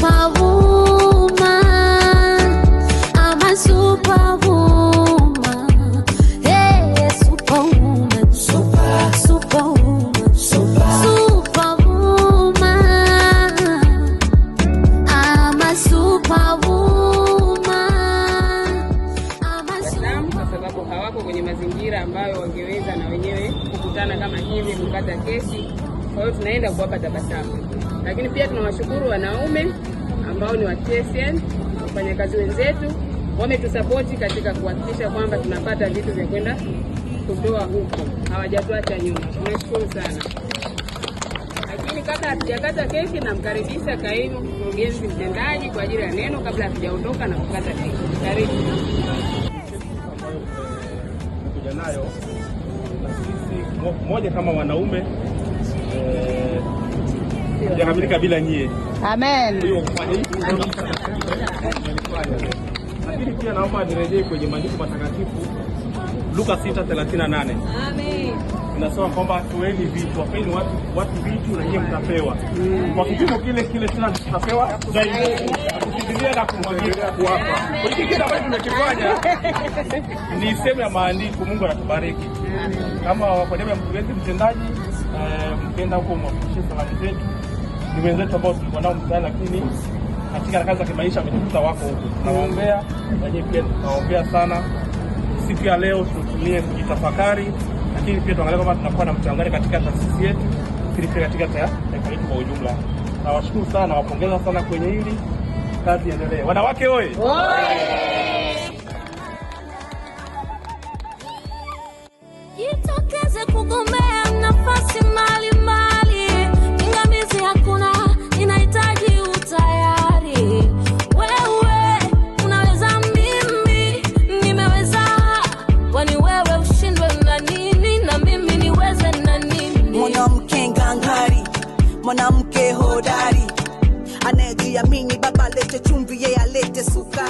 Kwa sababu hawako kwenye mazingira ambayo wangeweza na wenyewe kukutana kama hivi, kupata kesi. Kwa tunaenda kuwapa tabasamu. Lakini pia tunawashukuru wanaume ambao ni wa TSN, wafanyakazi wenzetu wametusapoti katika kuhakikisha kwamba tunapata vitu vya kwenda kutoa huko, hawajatuacha nyuma. Tunashukuru sana. Lakini kabla hatujakata keki, namkaribisha kaimu mkurugenzi mtendaji kwa ajili ya neno kabla hatujaondoka na kukata keki. Karibu eh, nayo sisi moja kama wanaume eh, yakamilika bila nyie. Amen. Lakini pia naomba nirejee kwenye maandiko matakatifu Luka 6:38. Amen. Inasema kwamba tueni vitu, wapeni watu watu vitu na nyie mtapewa. Kwa kipimo kile kile tena tutapewa zaidi. Kukimbia na kumwagika kuwapa. Hiki kitu ambacho tunakifanya ni sehemu ya maandiko, Mungu anatubariki. Kama kwa niaba ya mkurugenzi mtendaji, eh, mkenda huko mwafikishie salamu zetu ni wenzetu ambao tulikuwa nao mtaani, lakini katika harakati za kimaisha wamejikuta wako huko. Tunawaombea wenyewe pia tunawaombea sana. Siku ya leo tutumie kujitafakari, lakini pia tuangalie kwamba tunakuwa na mchangani katika taasisi yetu, lakini pia katika taifa letu kwa ujumla. Nawashukuru sana, nawapongeza sana kwenye hili. Kazi endelee. Wanawake oye! Jitokeze kugombea mwanamke hodari anayejiamini, baba lete chumvi, yeye alete suka